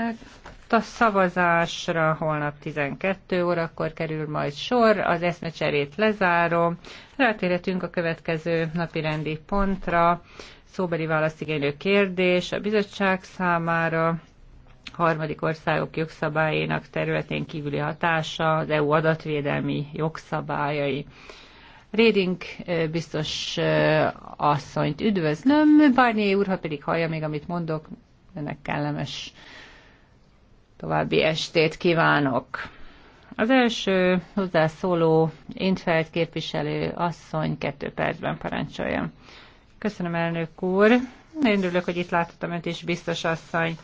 Hát a szavazásra holnap 12 órakor kerül majd sor, az eszmecserét lezárom. Rátérhetünk a következő napi rendi pontra. Szóbeli válaszigénylő kérdés a bizottság számára harmadik országok jogszabályainak területén kívüli hatása, az EU adatvédelmi jogszabályai. Réding biztos asszonyt üdvözlöm, bárnyi úr, ha pedig hallja még, amit mondok, ennek kellemes további estét kívánok! Az első hozzászóló Intfeld képviselő asszony kettő percben parancsolja. Köszönöm, elnök úr! Én örülök, hogy itt láthatom önt is, biztos asszony.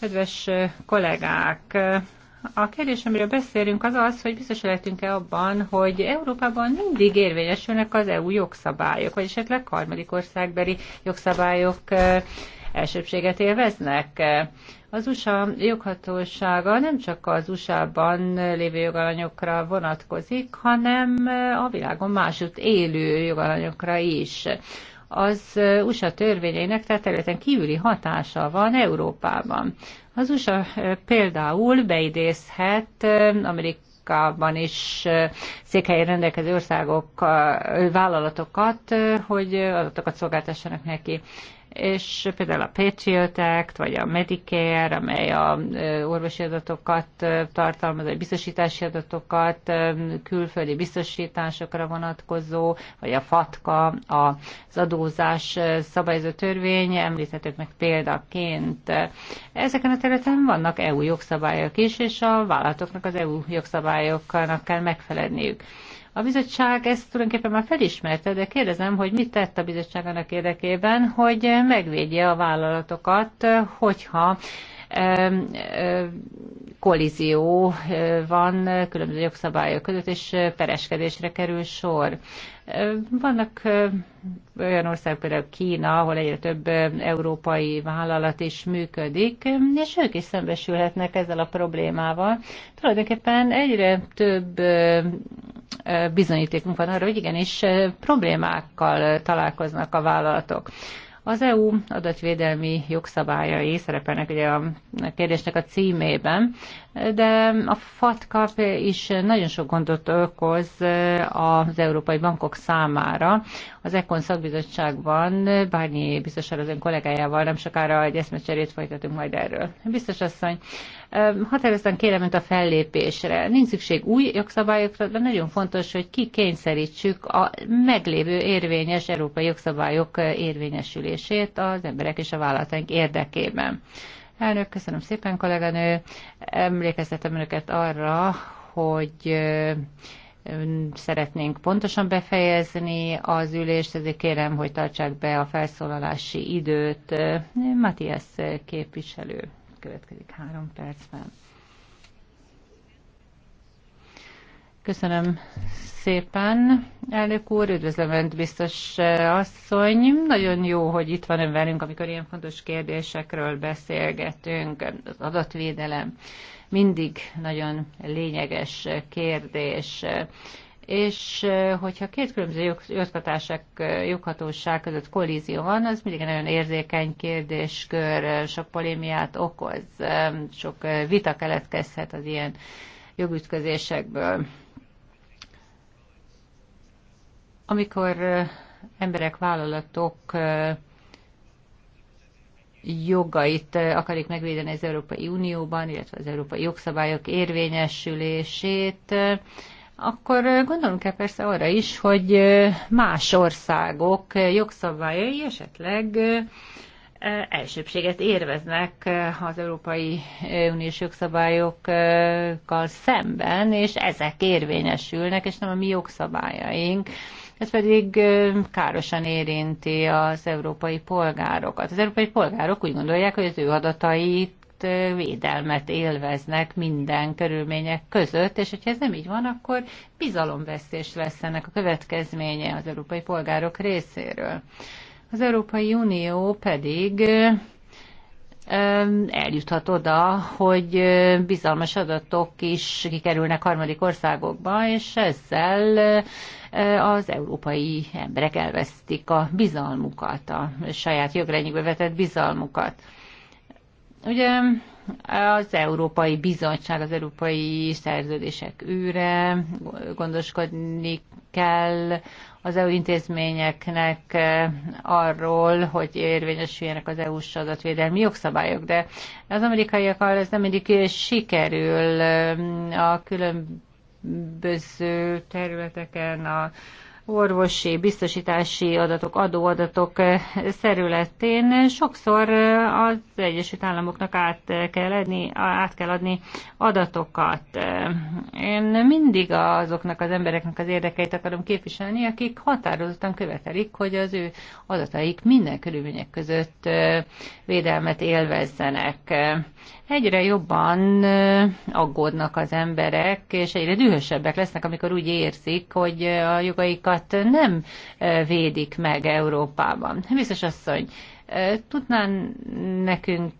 Kedves kollégák, a kérdés, amiről beszélünk, az az, hogy biztos lehetünk-e abban, hogy Európában mindig érvényesülnek az EU jogszabályok, vagy esetleg harmadik országbeli jogszabályok elsőbséget élveznek. Az USA joghatósága nem csak az USA-ban lévő jogalanyokra vonatkozik, hanem a világon másutt élő jogalanyokra is az USA törvényeinek, tehát területen kívüli hatása van Európában. Az USA például beidézhet eh, Amerikában is eh, székhelyen rendelkező országok eh, vállalatokat, hogy adatokat szolgáltassanak neki és például a Patriot Act, vagy a Medicare, amely a orvosi adatokat tartalmaz, vagy biztosítási adatokat, külföldi biztosításokra vonatkozó, vagy a FATKA, az adózás szabályozó törvény, említhetők meg példaként. Ezeken a területen vannak EU jogszabályok is, és a vállalatoknak az EU jogszabályoknak kell megfelelniük. A bizottság ezt tulajdonképpen már felismerte, de kérdezem, hogy mit tett a bizottság annak érdekében, hogy megvédje a vállalatokat, hogyha kollízió van különböző jogszabályok között, és pereskedésre kerül sor. Vannak olyan országok, például Kína, ahol egyre több európai vállalat is működik, és ők is szembesülhetnek ezzel a problémával. Tulajdonképpen egyre több bizonyítékunk van arra, hogy igenis problémákkal találkoznak a vállalatok. Az EU adatvédelmi jogszabályai szerepelnek ugye a kérdésnek a címében, de a FATCA is nagyon sok gondot okoz az európai bankok számára. Az ECON szakbizottságban Bárnyi biztosan az ön kollégájával nem sokára egy eszmecserét folytatunk majd erről. Biztos asszony, határozottan kérem önt a fellépésre. Nincs szükség új jogszabályokra, de nagyon fontos, hogy kikényszerítsük a meglévő érvényes európai jogszabályok érvényesülését az emberek és a vállalataink érdekében. Elnök, köszönöm szépen, kolléganő. Emlékeztetem önöket arra, hogy szeretnénk pontosan befejezni az ülést, ezért kérem, hogy tartsák be a felszólalási időt. Matthias képviselő következik három percben. Köszönöm szépen, elnök úr, üdvözlöm Önt, biztos eh, asszony. Nagyon jó, hogy itt van Ön velünk, amikor ilyen fontos kérdésekről beszélgetünk. Az adatvédelem mindig nagyon lényeges kérdés és hogyha két különböző jog, joghatóság, joghatóság között kollízió van, az mindig egy nagyon érzékeny kérdéskör, sok polémiát okoz, sok vita keletkezhet az ilyen jogütközésekből. Amikor emberek, vállalatok jogait akarik megvédeni az Európai Unióban, illetve az európai jogszabályok érvényesülését, akkor eh, gondolunk-e persze arra is, hogy eh, más országok eh, jogszabályai esetleg elsőbséget érveznek az Európai Uniós jogszabályokkal szemben, és ezek érvényesülnek, és nem a mi jogszabályaink. Ez pedig károsan érinti az európai polgárokat. Az európai polgárok úgy gondolják, hogy az ő adatait védelmet élveznek minden körülmények között, és hogyha ez nem így van, akkor bizalomvesztés lesz ennek a következménye az európai polgárok részéről. Az Európai Unió pedig eljuthat oda, hogy bizalmas adatok is kikerülnek harmadik országokba, és ezzel az európai emberek elvesztik a bizalmukat, a saját jogrendjükbe vetett bizalmukat. Ugye az Európai Bizottság, az Európai Szerződések űre gondoskodni kell az EU intézményeknek eh, arról, hogy érvényesüljenek az EU-s adatvédelmi jogszabályok, de az amerikaiakkal ez nem mindig sikerül eh, a különböző területeken a orvosi, biztosítási adatok, adóadatok területén eh, sokszor eh, az Egyesült Államoknak át kell adni, át kell adni adatokat. Eh, én mindig azoknak az embereknek az érdekeit akarom képviselni, akik határozottan követelik, hogy az ő adataik minden körülmények között védelmet élvezzenek egyre jobban aggódnak az emberek, és egyre dühösebbek lesznek, amikor úgy érzik, hogy a jogaikat nem védik meg Európában. Biztos asszony, Tudnán nekünk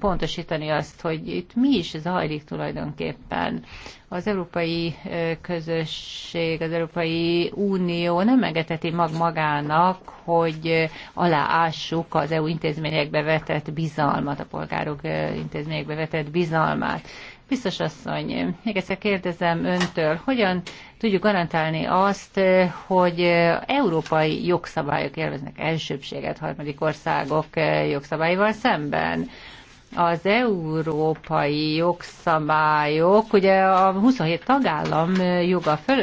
pontosítani azt, hogy itt mi is zajlik tulajdonképpen? Az európai közösség, az Európai Unió nem engedheti mag magának, hogy aláássuk az EU intézményekbe vetett bizalmat, a polgárok intézményekbe vetett bizalmát. Biztos asszony, még egyszer kérdezem öntől, hogyan tudjuk garantálni azt, hogy európai jogszabályok élveznek elsőbséget harmadik országok jogszabályival szemben? az európai jogszabályok, ugye a 27 tagállam joga föl,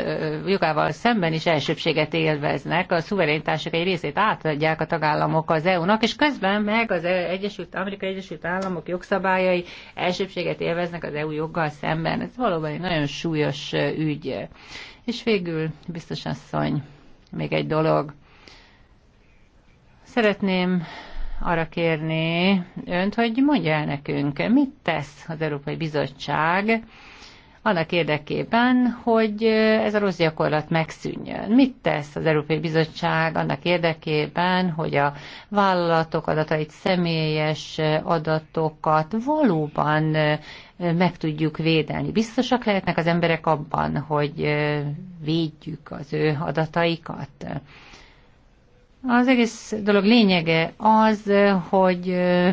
jogával szemben is elsőbséget élveznek, a szuverenitások egy részét átadják a tagállamok az EU-nak, és közben meg az Egyesült, Amerikai Egyesült Államok jogszabályai elsőbséget élveznek az EU joggal szemben. Ez valóban egy nagyon súlyos ügy. És végül, biztos asszony, még egy dolog. Szeretném arra kérni önt, hogy mondja el nekünk, mit tesz az Európai Bizottság annak érdekében, hogy ez a rossz gyakorlat megszűnjön. Mit tesz az Európai Bizottság annak érdekében, hogy a vállalatok adatait, személyes adatokat valóban meg tudjuk védelni. Biztosak lehetnek az emberek abban, hogy védjük az ő adataikat. Az egész dolog lényege az, hogy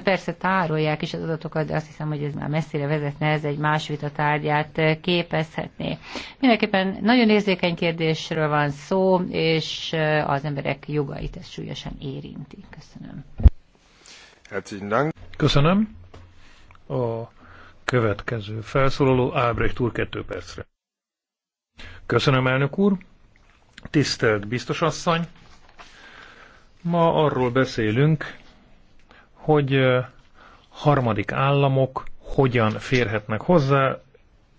persze tárolják is az adatokat, de azt hiszem, hogy ez már messzire vezetne, ez egy más vitatárgyát képezhetné. Mindenképpen nagyon érzékeny kérdésről van szó, és az emberek jogait ez súlyosan érinti. Köszönöm. Hát Köszönöm. A következő felszólaló Ábrecht úr kettő percre. Köszönöm, elnök úr. Tisztelt biztosasszony! Ma arról beszélünk, hogy harmadik államok hogyan férhetnek hozzá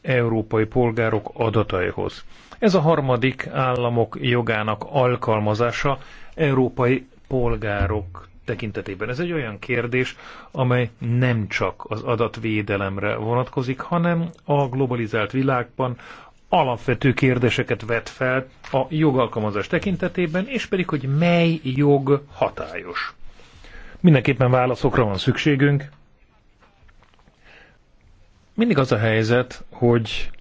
európai polgárok adataihoz. Ez a harmadik államok jogának alkalmazása európai polgárok tekintetében. Ez egy olyan kérdés, amely nem csak az adatvédelemre vonatkozik, hanem a globalizált világban alapvető kérdéseket vet fel a jogalkalmazás tekintetében, és pedig, hogy mely jog hatályos. Mindenképpen válaszokra van szükségünk. Mindig az a helyzet, hogy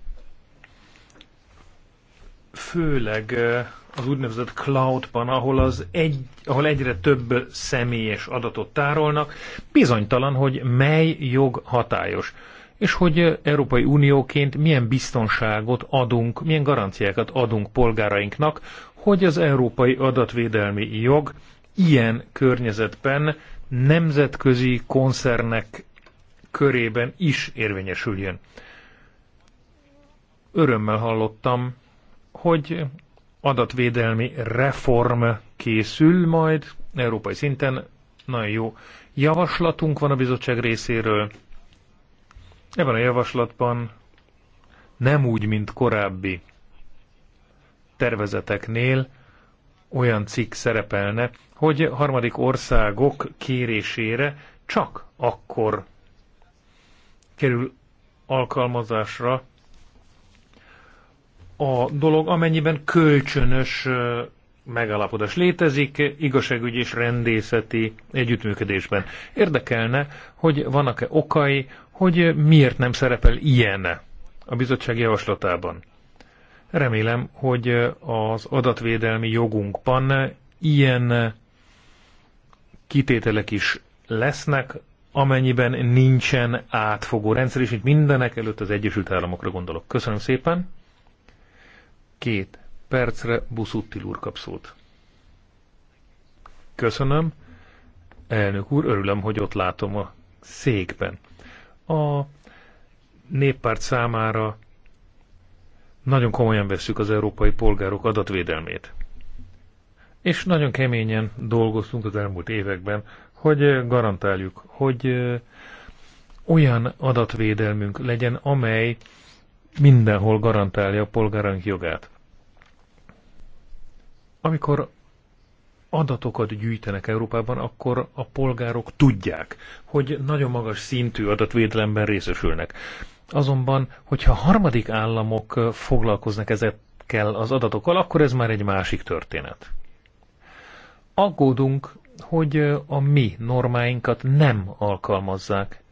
főleg eh, az úgynevezett cloudban, ahol, az egy, ahol egyre több személyes adatot tárolnak, bizonytalan, hogy mely jog hatályos és hogy Európai Unióként milyen biztonságot adunk, milyen garanciákat adunk polgárainknak, hogy az európai adatvédelmi jog ilyen környezetben nemzetközi koncernek körében is érvényesüljön. Örömmel hallottam, hogy adatvédelmi reform készül majd európai szinten. Nagyon jó javaslatunk van a bizottság részéről, Ebben a javaslatban nem úgy, mint korábbi tervezeteknél olyan cikk szerepelne, hogy harmadik országok kérésére csak akkor kerül alkalmazásra a dolog, amennyiben kölcsönös megállapodás létezik, igazságügyi és rendészeti együttműködésben. Érdekelne, hogy vannak-e okai hogy miért nem szerepel ilyen a bizottság javaslatában. Remélem, hogy az adatvédelmi jogunkban ilyen kitételek is lesznek, amennyiben nincsen átfogó rendszer, és itt mindenek előtt az Egyesült Államokra gondolok. Köszönöm szépen. Két percre Buszuttil úr kap szót. Köszönöm. Elnök úr, örülöm, hogy ott látom a székben. A néppárt számára nagyon komolyan veszük az európai polgárok adatvédelmét. És nagyon keményen dolgoztunk az elmúlt években, hogy garantáljuk, hogy olyan adatvédelmünk legyen, amely mindenhol garantálja a polgáraink jogát. Amikor adatokat gyűjtenek Európában, akkor a polgárok tudják, hogy nagyon magas szintű adatvédelemben részesülnek. Azonban, hogyha harmadik államok foglalkoznak ezekkel az adatokkal, akkor ez már egy másik történet. Aggódunk, hogy a mi normáinkat nem alkalmazzák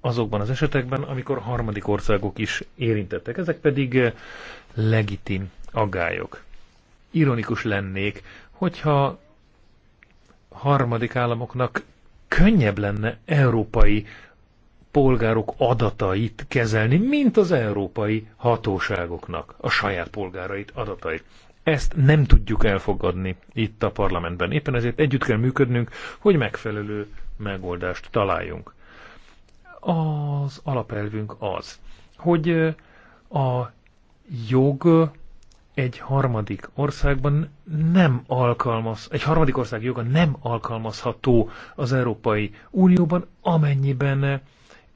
azokban az esetekben, amikor harmadik országok is érintettek. Ezek pedig legitim aggályok. Ironikus lennék, hogyha harmadik államoknak könnyebb lenne európai polgárok adatait kezelni, mint az európai hatóságoknak a saját polgárait adatait. Ezt nem tudjuk elfogadni itt a parlamentben. Éppen ezért együtt kell működnünk, hogy megfelelő megoldást találjunk. Az alapelvünk az, hogy a jog egy harmadik országban nem alkalmaz, egy harmadik ország joga nem alkalmazható az Európai Unióban, amennyiben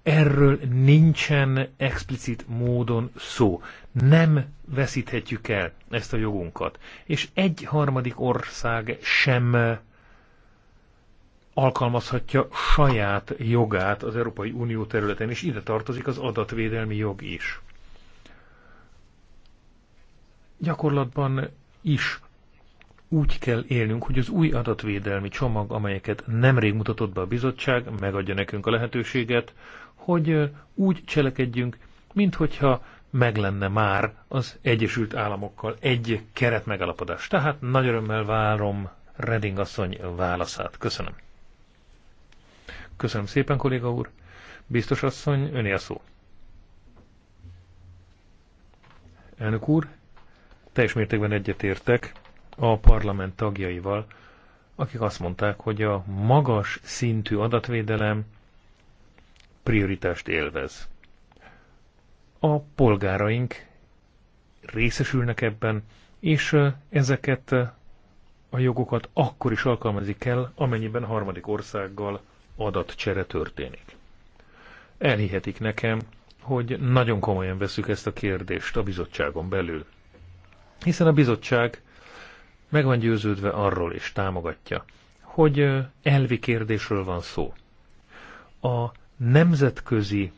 erről nincsen explicit módon szó. Nem veszíthetjük el ezt a jogunkat. És egy harmadik ország sem alkalmazhatja saját jogát az Európai Unió területén, és ide tartozik az adatvédelmi jog is gyakorlatban is úgy kell élnünk, hogy az új adatvédelmi csomag, amelyeket nemrég mutatott be a bizottság, megadja nekünk a lehetőséget, hogy úgy cselekedjünk, mint hogyha meg lenne már az Egyesült Államokkal egy keret megalapodás. Tehát nagy örömmel várom Reding asszony válaszát. Köszönöm. Köszönöm szépen, kolléga úr. Biztos asszony, öné a szó. Elnök úr, teljes mértékben egyetértek a parlament tagjaival, akik azt mondták, hogy a magas szintű adatvédelem prioritást élvez. A polgáraink részesülnek ebben, és ezeket a jogokat akkor is alkalmazik kell, amennyiben harmadik országgal adatcsere történik. Elhihetik nekem, hogy nagyon komolyan veszük ezt a kérdést a bizottságon belül hiszen a bizottság meg van győződve arról és támogatja, hogy elvi kérdésről van szó. A nemzetközi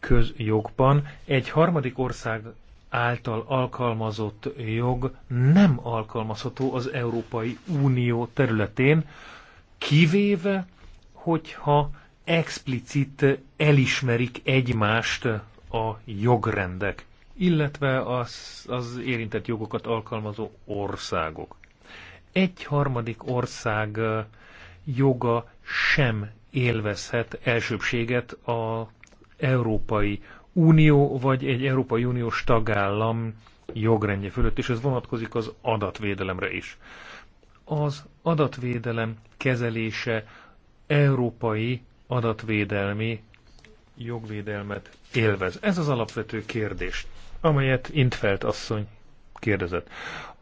közjogban egy harmadik ország által alkalmazott jog nem alkalmazható az Európai Unió területén, kivéve, hogyha explicit elismerik egymást a jogrendek illetve az, az érintett jogokat alkalmazó országok. Egy harmadik ország joga sem élvezhet elsőbséget az Európai Unió vagy egy Európai Uniós tagállam jogrendje fölött, és ez vonatkozik az adatvédelemre is. Az adatvédelem kezelése európai adatvédelmi jogvédelmet élvez. Ez az alapvető kérdés amelyet Intfeld asszony kérdezett.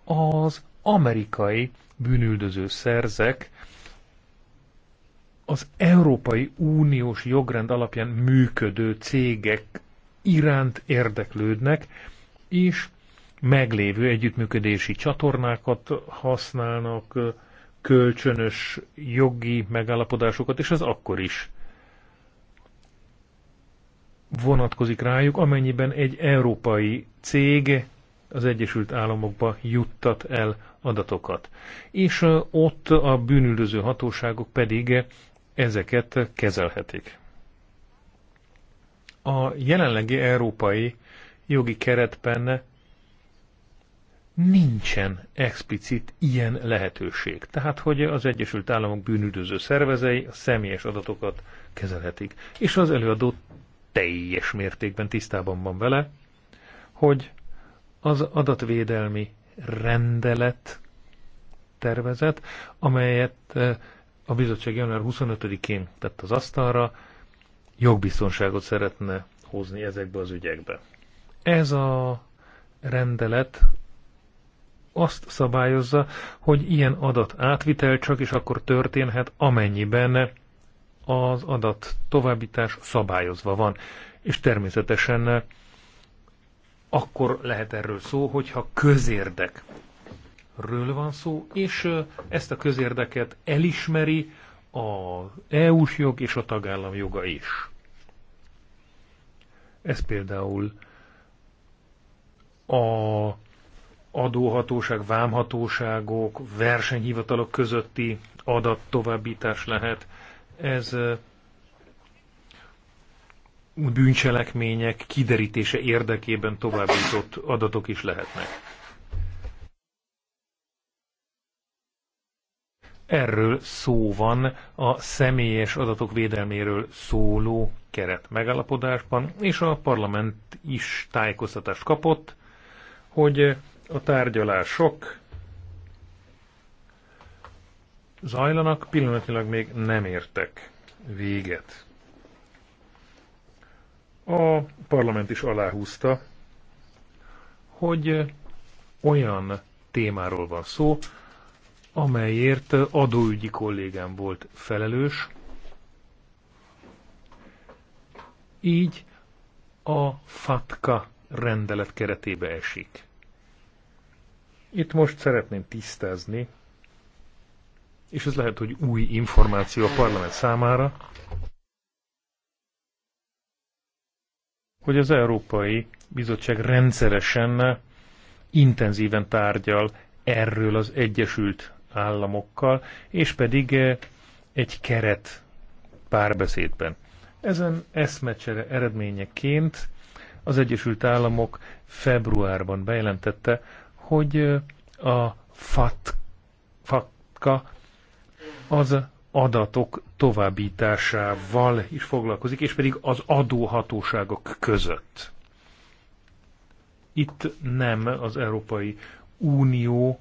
Az amerikai bűnüldöző szerzek az Európai Uniós jogrend alapján működő cégek iránt érdeklődnek, és meglévő együttműködési csatornákat használnak, kölcsönös jogi megállapodásokat, és ez akkor is vonatkozik rájuk, amennyiben egy európai cég az Egyesült Államokba juttat el adatokat. És ott a bűnüldöző hatóságok pedig ezeket kezelhetik. A jelenlegi európai jogi keretben nincsen explicit ilyen lehetőség. Tehát, hogy az Egyesült Államok bűnüldöző szervezei a személyes adatokat kezelhetik. És az előadó teljes mértékben tisztában van vele, hogy az adatvédelmi rendelet tervezet, amelyet eh, a bizottság január 25-én tett az asztalra, jogbiztonságot szeretne hozni ezekbe az ügyekbe. Ez a rendelet azt szabályozza, hogy ilyen adat átvitel csak is akkor történhet, amennyiben az adat továbbítás szabályozva van, és természetesen eh, akkor lehet erről szó, hogyha közérdekről van szó, és eh, ezt a közérdeket elismeri az EU-s jog és a tagállam joga is. Ez például a adóhatóság, vámhatóságok, versenyhivatalok közötti adattovábbítás lehet, ez bűncselekmények kiderítése érdekében továbbított adatok is lehetnek. Erről szó van a személyes adatok védelméről szóló keret megállapodásban, és a parlament is tájékoztatást kapott, hogy a tárgyalások zajlanak, pillanatilag még nem értek véget. A parlament is aláhúzta, hogy olyan témáról van szó, amelyért adóügyi kollégám volt felelős, így a FATKA rendelet keretébe esik. Itt most szeretném tisztázni, és ez lehet, hogy új információ a parlament számára, hogy az Európai Bizottság rendszeresen intenzíven tárgyal erről az Egyesült Államokkal, és pedig eh, egy keret párbeszédben. Ezen eszmecsere eredményeként az Egyesült Államok februárban bejelentette, hogy eh, a FAT, FATKA az adatok továbbításával is foglalkozik, és pedig az adóhatóságok között. Itt nem az Európai Unió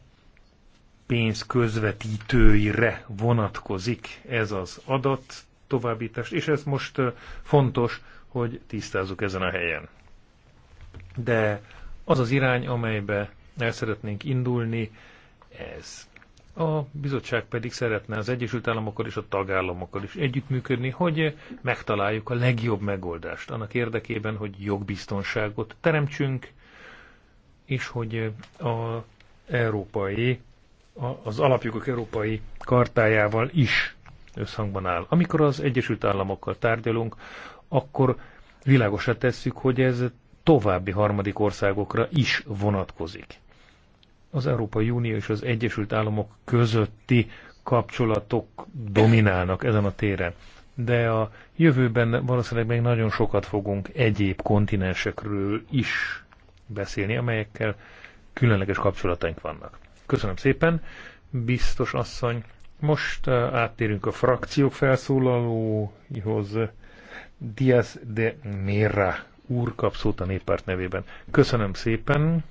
pénzközvetítőire vonatkozik ez az adat továbbítás, és ez most fontos, hogy tisztázzuk ezen a helyen. De az az irány, amelybe el szeretnénk indulni, ez. A bizottság pedig szeretne az Egyesült Államokkal és a tagállamokkal is együttműködni, hogy megtaláljuk a legjobb megoldást annak érdekében, hogy jogbiztonságot teremtsünk, és hogy a európai, az alapjogok európai kartájával is összhangban áll. Amikor az Egyesült Államokkal tárgyalunk, akkor világosra tesszük, hogy ez további harmadik országokra is vonatkozik az Európai Unió és az Egyesült Államok közötti kapcsolatok dominálnak ezen a téren. De a jövőben valószínűleg még nagyon sokat fogunk egyéb kontinensekről is beszélni, amelyekkel különleges kapcsolataink vannak. Köszönöm szépen, biztos asszony. Most uh, áttérünk a frakciók felszólalóihoz. Diaz de Mera úr kap szót a néppárt nevében. Köszönöm szépen,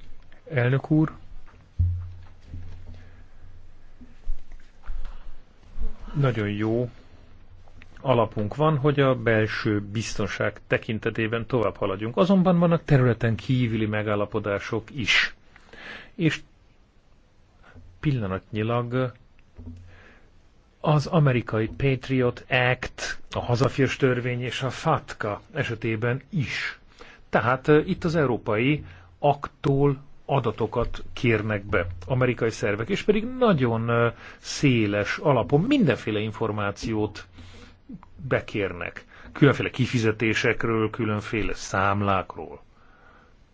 elnök úr. nagyon jó alapunk van, hogy a belső biztonság tekintetében tovább haladjunk. Azonban vannak területen kívüli megállapodások is. És pillanatnyilag az amerikai Patriot Act, a hazafias törvény és a FATCA esetében is. Tehát eh, itt az európai aktól adatokat kérnek be amerikai szervek, és pedig nagyon széles alapon mindenféle információt bekérnek. Különféle kifizetésekről, különféle számlákról.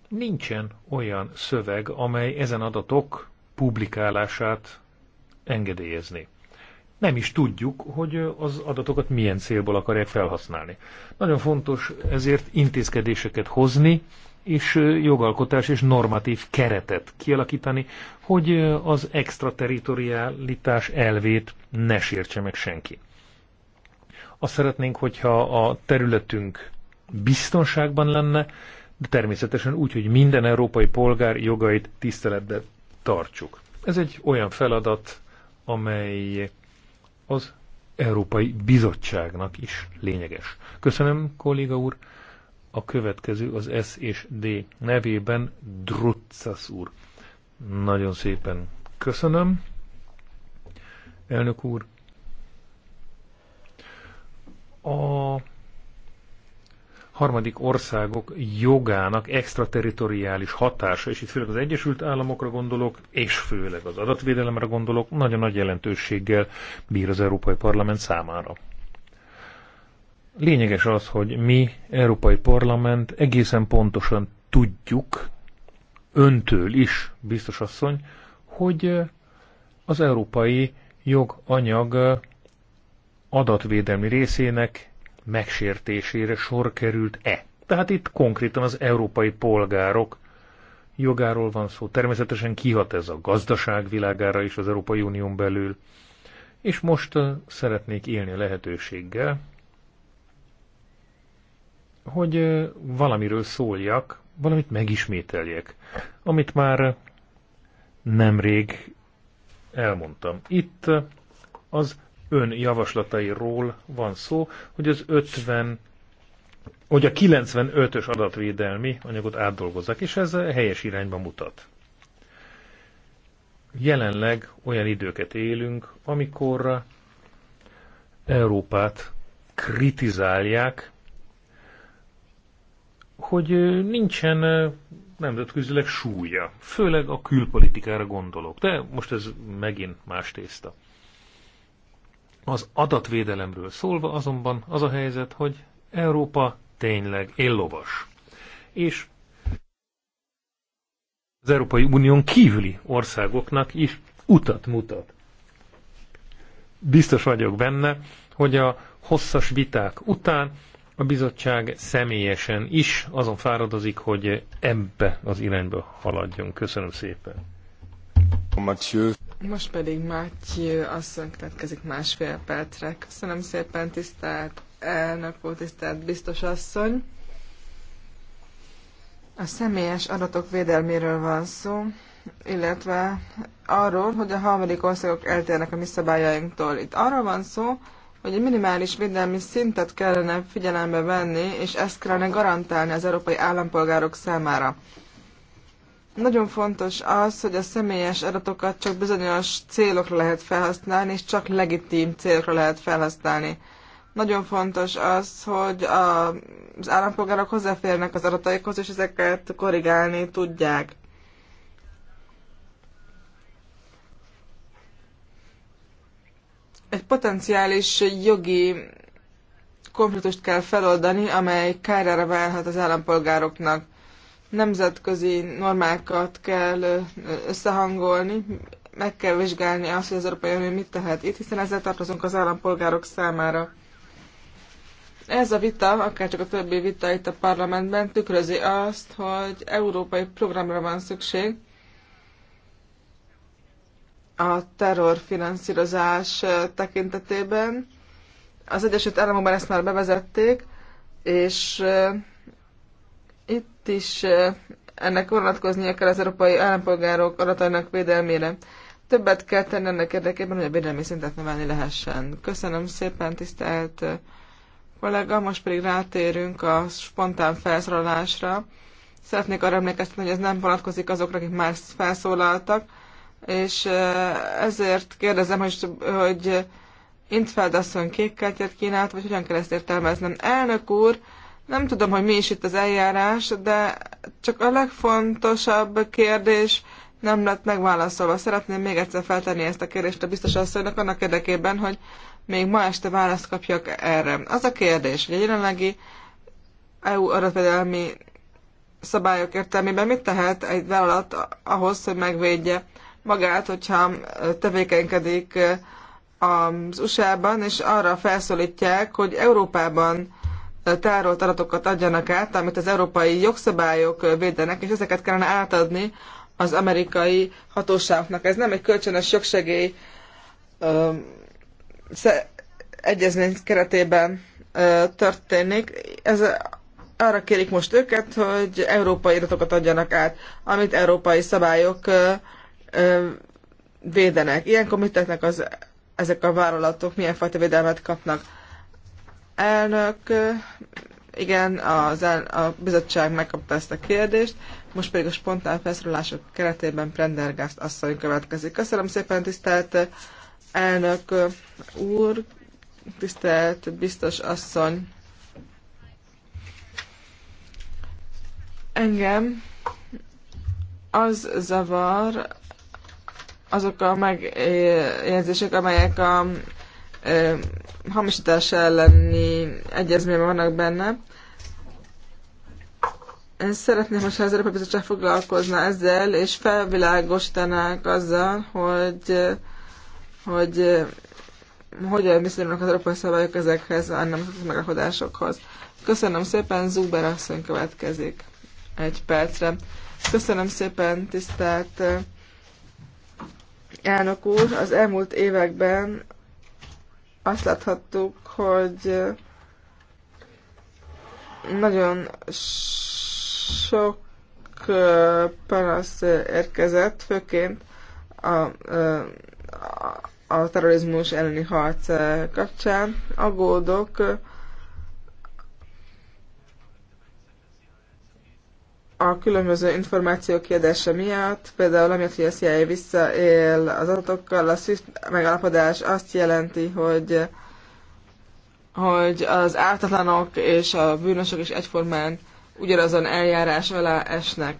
Nincsen olyan szöveg, amely ezen adatok publikálását engedélyezni. Nem is tudjuk, hogy az adatokat milyen célból akarják felhasználni. Nagyon fontos ezért intézkedéseket hozni, és jogalkotás és normatív keretet kialakítani, hogy az extraterritorialitás elvét ne sértse meg senki. Azt szeretnénk, hogyha a területünk biztonságban lenne, de természetesen úgy, hogy minden európai polgár jogait tiszteletbe tartsuk. Ez egy olyan feladat, amely az Európai Bizottságnak is lényeges. Köszönöm, kolléga úr! a következő az S és D nevében Druccas úr. Nagyon szépen köszönöm, elnök úr. A harmadik országok jogának extraterritoriális hatása, és itt főleg az Egyesült Államokra gondolok, és főleg az adatvédelemre gondolok, nagyon nagy jelentőséggel bír az Európai Parlament számára. Lényeges az, hogy mi, Európai Parlament egészen pontosan tudjuk, öntől is, biztos asszony, hogy az európai joganyag adatvédelmi részének megsértésére sor került-e. Tehát itt konkrétan az európai polgárok jogáról van szó. Természetesen kihat ez a gazdaság világára is az Európai Unión belül. És most szeretnék élni a lehetőséggel, hogy valamiről szóljak, valamit megismételjek, amit már nemrég elmondtam. Itt az ön javaslatairól van szó, hogy az 50 hogy a 95-ös adatvédelmi anyagot átdolgozzák, és ez helyes irányba mutat. Jelenleg olyan időket élünk, amikor Európát kritizálják hogy nincsen nemzetközileg súlya, főleg a külpolitikára gondolok, de most ez megint más tészta. Az adatvédelemről szólva azonban az a helyzet, hogy Európa tényleg éllovas. És az Európai Unión kívüli országoknak is utat mutat. Biztos vagyok benne, hogy a hosszas viták után a bizottság személyesen is azon fáradozik, hogy ebbe az irányba haladjon. Köszönöm szépen. Mathieu. Most pedig Mathieu asszony következik másfél percre. Köszönöm szépen, tisztelt elnök volt tisztelt biztos asszony. A személyes adatok védelméről van szó, illetve arról, hogy a harmadik országok eltérnek a mi szabályainktól. Itt arról van szó, hogy egy minimális védelmi szintet kellene figyelembe venni, és ezt kellene garantálni az európai állampolgárok számára. Nagyon fontos az, hogy a személyes adatokat csak bizonyos célokra lehet felhasználni, és csak legitim célokra lehet felhasználni. Nagyon fontos az, hogy a, az állampolgárok hozzáférnek az adataikhoz, és ezeket korrigálni tudják. egy potenciális jogi konfliktust kell feloldani, amely kárára válhat az állampolgároknak. Nemzetközi normákat kell összehangolni, meg kell vizsgálni azt, hogy az Európai Unió mit tehet itt, hiszen ezzel tartozunk az állampolgárok számára. Ez a vita, akárcsak a többi vita itt a parlamentben tükrözi azt, hogy európai programra van szükség, a terrorfinanszírozás tekintetében. Az Egyesült Államokban ezt már bevezették, és itt is ennek vonatkoznia kell az európai állampolgárok adatainak védelmére. Többet kell tenni ennek érdekében, hogy a védelmi szintet növelni lehessen. Köszönöm szépen, tisztelt kollega, most pedig rátérünk a spontán felszólalásra. Szeretnék arra emlékeztetni, hogy ez nem vonatkozik azokra, akik már felszólaltak, és ezért kérdezem, hogy, hogy Intfeld asszony kékkártyát kínált, vagy hogyan kell ezt értelmeznem. Elnök úr, nem tudom, hogy mi is itt az eljárás, de csak a legfontosabb kérdés nem lett megválaszolva. Szeretném még egyszer feltenni ezt a kérdést a biztos asszonynak annak érdekében, hogy még ma este választ kapjak erre. Az a kérdés, hogy a jelenlegi EU adatvédelmi szabályok értelmében mit tehet egy vállalat ahhoz, hogy megvédje magát, hogyha tevékenykedik az USA-ban, és arra felszólítják, hogy Európában tárolt adatokat adjanak át, amit az európai jogszabályok védenek, és ezeket kellene átadni az amerikai hatóságnak. Ez nem egy kölcsönös jogsegély egyezmény keretében történik. Ez arra kérik most őket, hogy európai adatokat adjanak át, amit európai szabályok ö, védenek. Ilyenkor mit tettek az, ezek a vállalatok, milyen fajta védelmet kapnak? Elnök, igen, az el, a bizottság megkapta ezt a kérdést, most pedig a spontán felszólások keretében Prendergast asszony következik. Köszönöm szépen, tisztelt elnök úr, tisztelt biztos asszony. Engem az zavar, azok a megjegyzések, amelyek a ö, hamisítás elleni egyezményben vannak benne. Én szeretném, hogy az Európai Bizottság foglalkozna ezzel, és felvilágosítanák azzal, hogy, hogy hogyan viszonyulnak az európai szabályok ezekhez a nem megakadásokhoz. Köszönöm szépen, Zuber asszony következik egy percre. Köszönöm szépen, tisztelt elnök úr, az elmúlt években azt láthattuk, hogy nagyon sok panasz érkezett, főként a, a, a terrorizmus elleni harc kapcsán. Aggódok a különböző információk kiadása miatt, például amiatt, hogy a CIA visszaél az adatokkal, a SWIFT megállapodás azt jelenti, hogy hogy az ártatlanok és a bűnösök is egyformán ugyanazon eljárás alá esnek.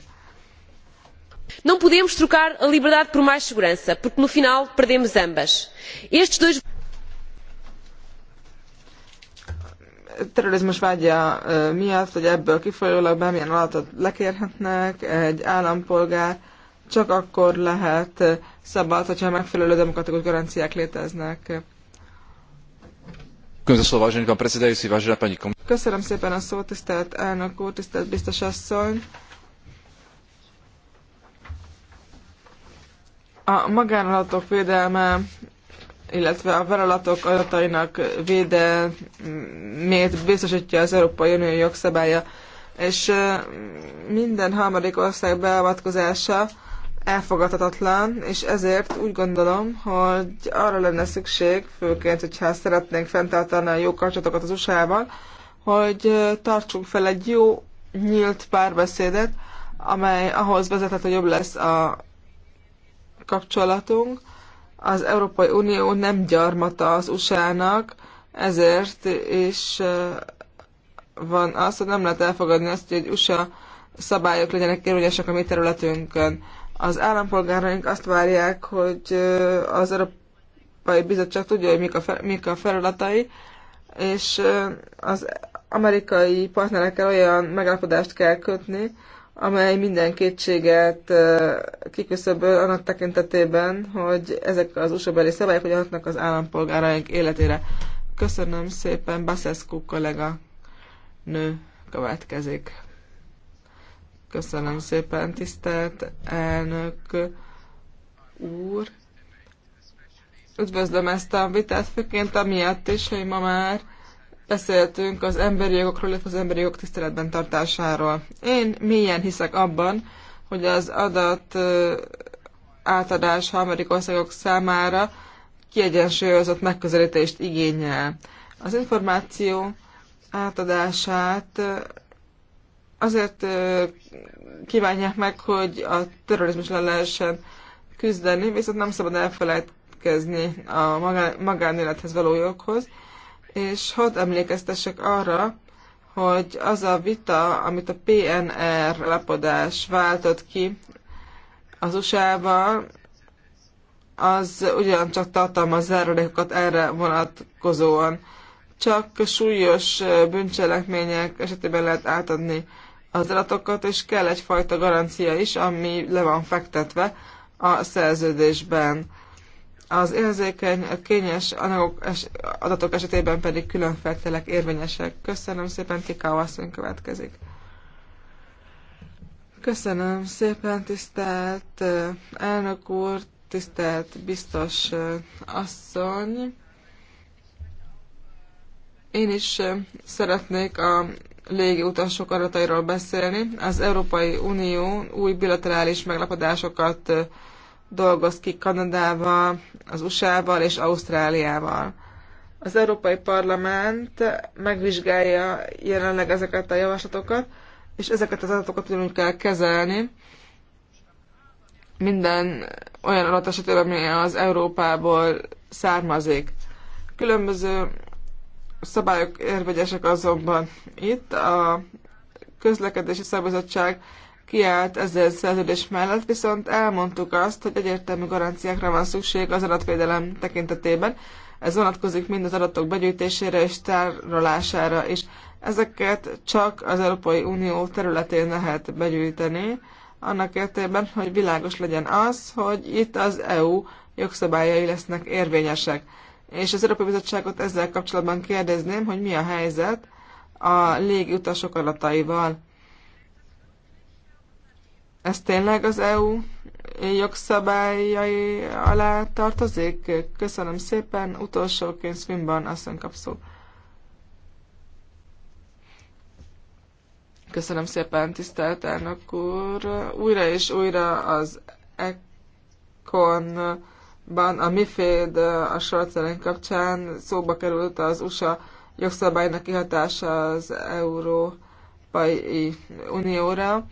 Não podemos trocar a liberdade por mais segurança, porque no final perdemos ambas. Estes dois terrorizmus vágya miatt, hogy ebből kifolyólag bármilyen alatot lekérhetnek egy állampolgár, csak akkor lehet szabad, hogyha megfelelő demokratikus garanciák léteznek. Szóval, Köszönöm szépen a szót, tisztelt elnök úr, tisztelt biztos asszony. A magánalatok védelme illetve a vállalatok adatainak védelmét biztosítja az Európai Unió jogszabálya, és minden harmadik ország beavatkozása elfogadhatatlan, és ezért úgy gondolom, hogy arra lenne szükség, főként, hogyha szeretnénk fenntartani a jó kapcsolatokat az USA-val, hogy tartsunk fel egy jó, nyílt párbeszédet, amely ahhoz vezethet, hogy jobb lesz a kapcsolatunk, az Európai Unió nem gyarmata az USA-nak, ezért is van az, hogy nem lehet elfogadni azt, hogy USA szabályok legyenek érvényesek a mi területünkön. Az állampolgáraink azt várják, hogy az Európai Bizottság tudja, hogy mik a, fe, mik a feladatai, és az amerikai partnerekkel olyan megállapodást kell kötni, amely minden kétséget kiküszöböl annak tekintetében, hogy ezek az USA-beli szabályok hogy hatnak az állampolgáraink életére. Köszönöm szépen, Baszeszkú kollega nő következik. Köszönöm szépen, tisztelt elnök úr. Üdvözlöm ezt a vitát, főként amiatt is, hogy ma már beszéltünk az emberi jogokról, illetve az emberi jogok tiszteletben tartásáról. Én mélyen hiszek abban, hogy az adat átadás amerikai országok számára kiegyensúlyozott megközelítést igényel. Az információ átadását azért kívánják meg, hogy a terrorizmus le lehessen küzdeni, viszont nem szabad elfelejteni a magánélethez való joghoz, és hadd emlékeztessek arra, hogy az a vita, amit a PNR lapodás váltott ki az USA-ban, az ugyancsak tartalmaz zárulékokat erre vonatkozóan. Csak súlyos bűncselekmények esetében lehet átadni az adatokat, és kell egyfajta garancia is, ami le van fektetve a szerződésben. Az érzékeny, kényes anyagok, adatok esetében pedig külön feltételek érvényesek. Köszönöm szépen, Tikau asszony következik. Köszönöm szépen, tisztelt elnök úr, tisztelt biztos asszony. Én is szeretnék a légi utasok adatairól beszélni. Az Európai Unió új bilaterális meglapadásokat dolgoz ki Kanadával, az USA-val és Ausztráliával. Az Európai Parlament megvizsgálja jelenleg ezeket a javaslatokat, és ezeket az adatokat ugyanúgy kell kezelni. Minden olyan adat esetében, ami az Európából származik. Különböző szabályok érvegyesek azonban itt. A közlekedési szabizottság kiállt ezzel szerződés mellett, viszont elmondtuk azt, hogy egyértelmű garanciákra van szükség az adatvédelem tekintetében. Ez vonatkozik mind az adatok begyűjtésére és tárolására is. Ezeket csak az Európai Unió területén lehet begyűjteni, annak értében, hogy világos legyen az, hogy itt az EU jogszabályai lesznek érvényesek. És az Európai Bizottságot ezzel kapcsolatban kérdezném, hogy mi a helyzet a légi utasok adataival ez tényleg az EU jogszabályai alá tartozik? Köszönöm szépen. Utolsóként Swimban azt kap szó. Köszönöm szépen, tisztelt elnök úr. Újra és újra az Econ-ban a MIFID a sorcelen kapcsán szóba került az USA jogszabálynak kihatása az Európai Unióra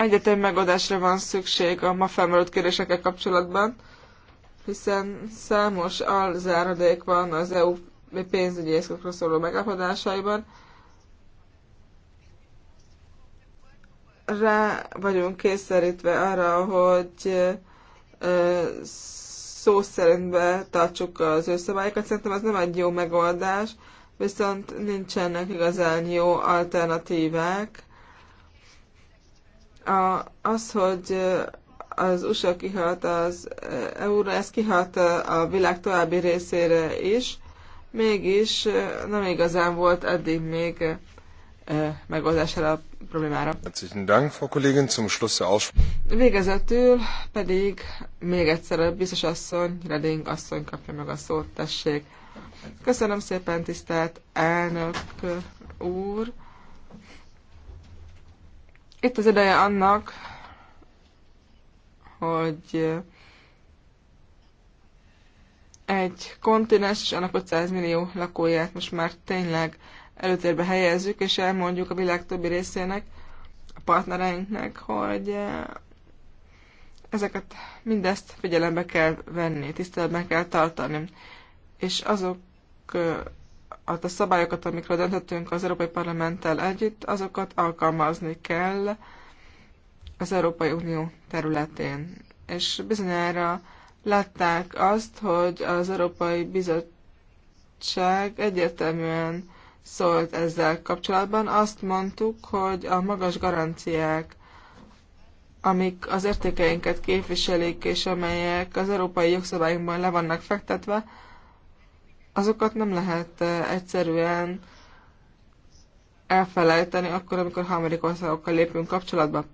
egyetem megoldásra van szükség a ma felmerült kérdésekkel kapcsolatban, hiszen számos alzáradék van az EU pénzügyi eszközökről szóló megállapodásaiban. Rá vagyunk kényszerítve arra, hogy szó szerint betartsuk az ő szabályokat. Szerintem ez nem egy jó megoldás, viszont nincsenek igazán jó alternatívák a, az, hogy az USA kihalt az EU-ra, ez kihalt a világ további részére is, mégis nem igazán volt eddig még megoldására a problémára. Végezetül pedig még egyszer a biztos asszony, Reding asszony kapja meg a szót, tessék. Köszönöm szépen, tisztelt elnök úr! Itt az ideje annak, hogy egy kontinens és annak 500 millió lakóját most már tényleg előtérbe helyezzük, és elmondjuk a világ többi részének, a partnereinknek, hogy eh, ezeket mindezt figyelembe kell venni, tiszteletben kell tartani. És azok eh, a szabályokat, amikről döntöttünk az Európai Parlamenttel együtt, azokat alkalmazni kell az Európai Unió területén. És bizonyára látták azt, hogy az Európai Bizottság egyértelműen szólt ezzel kapcsolatban. Azt mondtuk, hogy a magas garanciák, amik az értékeinket képviselik, és amelyek az európai jogszabályunkban le vannak fektetve, azokat nem lehet eh, egyszerűen elfelejteni akkor, amikor harmadik országokkal lépünk kapcsolatba.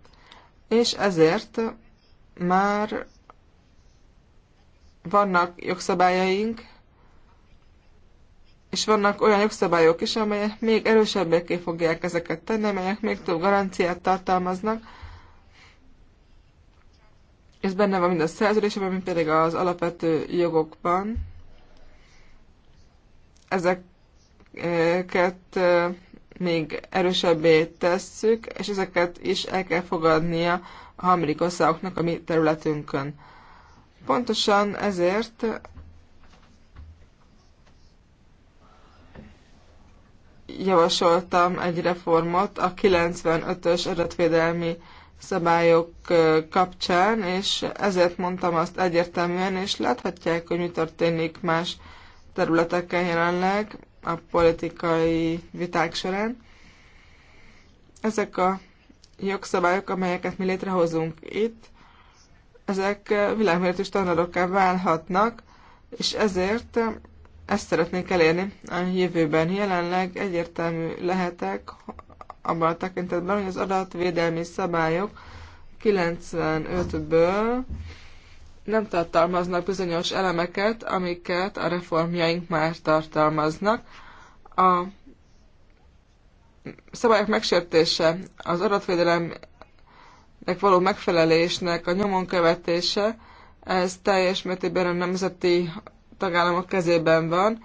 És ezért már vannak jogszabályaink, és vannak olyan jogszabályok is, amelyek még erősebbé fogják ezeket tenni, amelyek még több garanciát tartalmaznak. Ez benne van mind a szerződésben, mint pedig az alapvető jogokban ezeket még erősebbé tesszük, és ezeket is el kell fogadnia a harmadik országoknak a mi területünkön. Pontosan ezért javasoltam egy reformot a 95-ös adatvédelmi szabályok kapcsán, és ezért mondtam azt egyértelműen, és láthatják, hogy mi történik más területeken jelenleg a politikai viták során. Ezek a jogszabályok, amelyeket mi létrehozunk itt, ezek világméretű standardokká válhatnak, és ezért ezt szeretnék elérni a jövőben. Jelenleg egyértelmű lehetek abban a tekintetben, hogy az adatvédelmi szabályok 95-ből nem tartalmaznak bizonyos elemeket, amiket a reformjaink már tartalmaznak. A szabályok megsértése, az adatvédelemnek való megfelelésnek a nyomon követése, ez teljes mértékben a nemzeti tagállamok kezében van,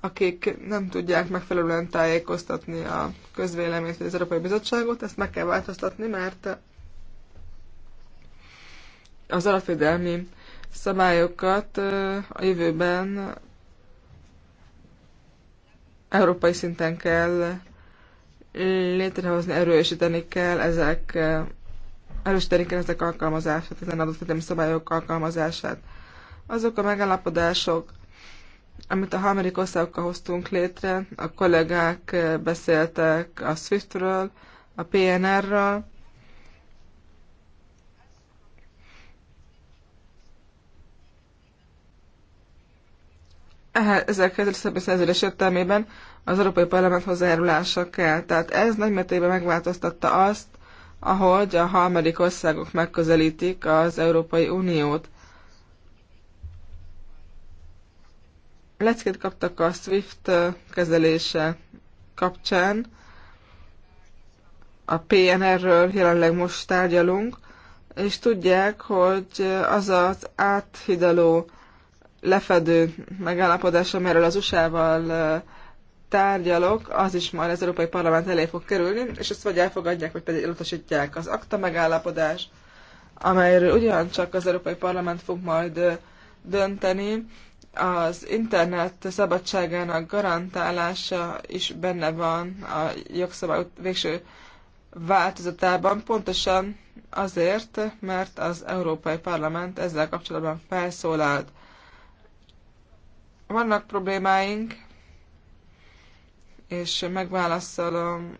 akik nem tudják megfelelően tájékoztatni a közvéleményt vagy az Európai Bizottságot, ezt meg kell változtatni, mert az alapvédelmi szabályokat a jövőben európai szinten kell létrehozni, erősíteni kell ezek erősíteni kell ezek alkalmazását, ezen adott szabályok alkalmazását. Azok a megállapodások, amit a harmadik országokkal hoztunk létre, a kollégák beszéltek a SWIFT-ről, a PNR-ről, ezek a szerződés értelmében az Európai Parlament hozzájárulása kell. Tehát ez nagymértékben megváltoztatta azt, ahogy a harmadik országok megközelítik az Európai Uniót. Leckét kaptak a SWIFT kezelése kapcsán. A PNR-ről jelenleg most tárgyalunk, és tudják, hogy az az áthidaló lefedő megállapodás, amiről az USA-val tárgyalok, az is már az Európai Parlament elé fog kerülni, és ezt vagy elfogadják, vagy pedig elutasítják az akta megállapodás, amelyről ugyancsak az Európai Parlament fog majd dönteni. Az internet szabadságának garantálása is benne van a jogszabály végső változatában, pontosan azért, mert az Európai Parlament ezzel kapcsolatban felszólalt. Vannak problémáink, és megválaszolom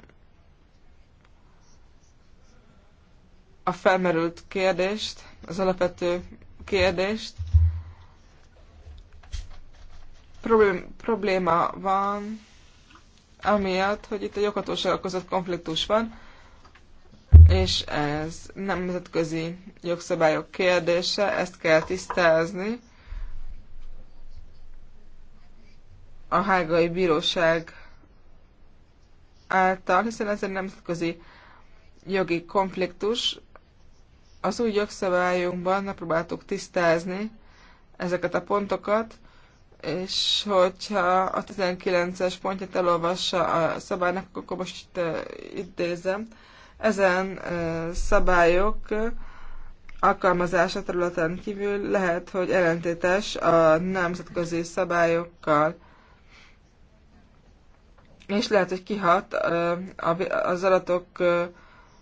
a felmerült kérdést, az alapvető kérdést. Problém, probléma van, amiatt, hogy itt egy joghatóság között konfliktus van, és ez nemzetközi jogszabályok kérdése, ezt kell tisztázni. a hágai bíróság által, hiszen ez egy nemzetközi jogi konfliktus. Az új jogszabályunkban megpróbáltuk tisztázni ezeket a pontokat, és hogyha a 19-es pontját elolvassa a szabálynak, akkor most idézem, ezen szabályok alkalmazása területen kívül lehet, hogy ellentétes a nemzetközi szabályokkal és lehet, hogy kihat az adatok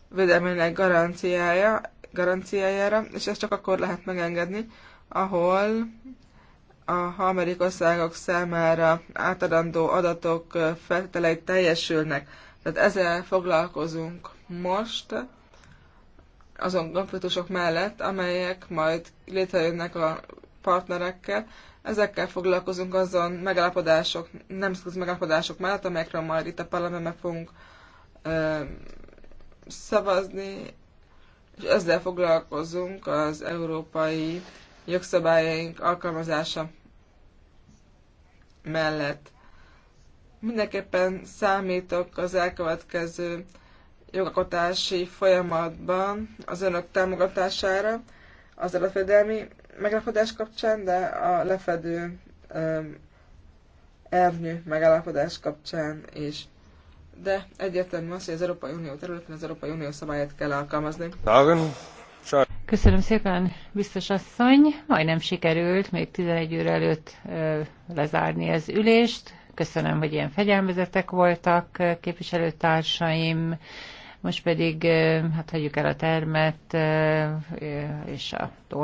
védelmének garanciája, garanciájára, és ezt csak akkor lehet megengedni, ahol a harmadik országok számára átadandó adatok feltételei teljesülnek. Tehát ezzel foglalkozunk most, azon konfliktusok mellett, amelyek majd létrejönnek a partnerekkel, Ezekkel foglalkozunk azon megállapodások, nemzetközi megállapodások mellett, amelyekről majd itt a parlamentben fogunk ö, szavazni, és ezzel foglalkozunk az európai jogszabályaink alkalmazása mellett. Mindenképpen számítok az elkövetkező jogakotási folyamatban az önök támogatására, az adatvédelmi megállapodás kapcsán, de a lefedő um, ernyő megállapodás kapcsán is. De egyértelmű az, hogy az Európai Unió területén az Európai Unió szabályát kell alkalmazni. Köszönöm szépen, biztos asszony. Majdnem sikerült még 11 óra előtt lezárni az ülést. Köszönöm, hogy ilyen fegyelmezetek voltak képviselőtársaim. Most pedig hát hagyjuk el a termet és a